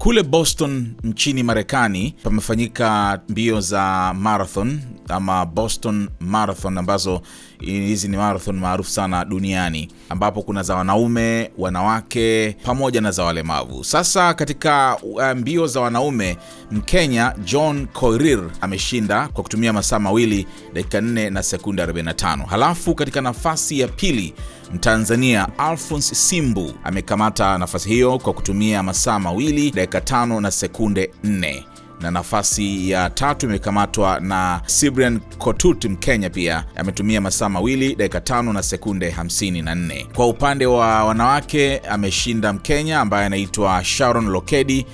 Kule Boston nchini Marekani pamefanyika mbio za marathon ama Boston Marathon, ambazo hizi ni marathon maarufu sana duniani, ambapo kuna za wanaume, wanawake pamoja na za walemavu. Sasa katika uh, mbio za wanaume, Mkenya John Korir ameshinda kwa kutumia masaa mawili dakika 4 na sekunde 45. Halafu katika nafasi ya pili Mtanzania Alphonse Simbu amekamata nafasi hiyo kwa kutumia masaa mawili dakika 5 na sekunde 4 na nafasi ya tatu imekamatwa na Cyprian Kotut Mkenya, pia ametumia masaa mawili dakika tano na sekunde 54. Kwa upande wa wanawake ameshinda Mkenya ambaye anaitwa Sharon Lokedi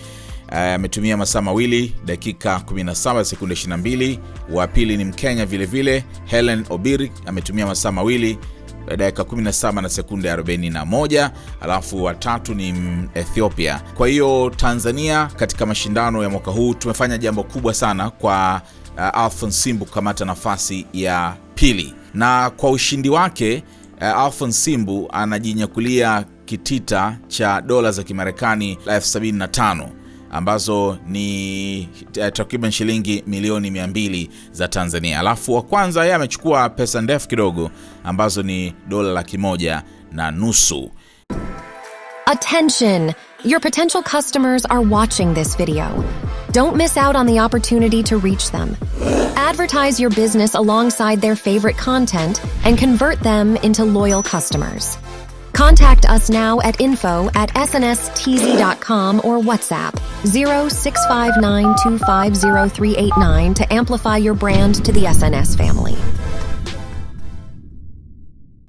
eh, ametumia masaa mawili dakika 17 sekunde 22. Wa pili ni Mkenya vilevile vile, Helen Obiri ametumia masaa mawili dakika 17 na sekunde 41, alafu watatu ni Ethiopia. Kwa hiyo Tanzania katika mashindano ya mwaka huu tumefanya jambo kubwa sana kwa uh, alfon Simbu kukamata nafasi ya pili, na kwa ushindi wake uh, alfon Simbu anajinyakulia kitita cha dola za Kimarekani elfu 75. ambazo ni eh, takriban shilingi milioni 200 za Tanzania. Alafu wa kwanza yeye amechukua pesa ndefu kidogo ambazo ni dola laki moja na nusu. Attention, your potential customers are watching this video. Don't miss out on the opportunity to reach them. Advertise your business alongside their favorite content and convert them into loyal customers. Contact us now at info at snstz.com or WhatsApp 0659250389 to amplify your brand to the SNS family.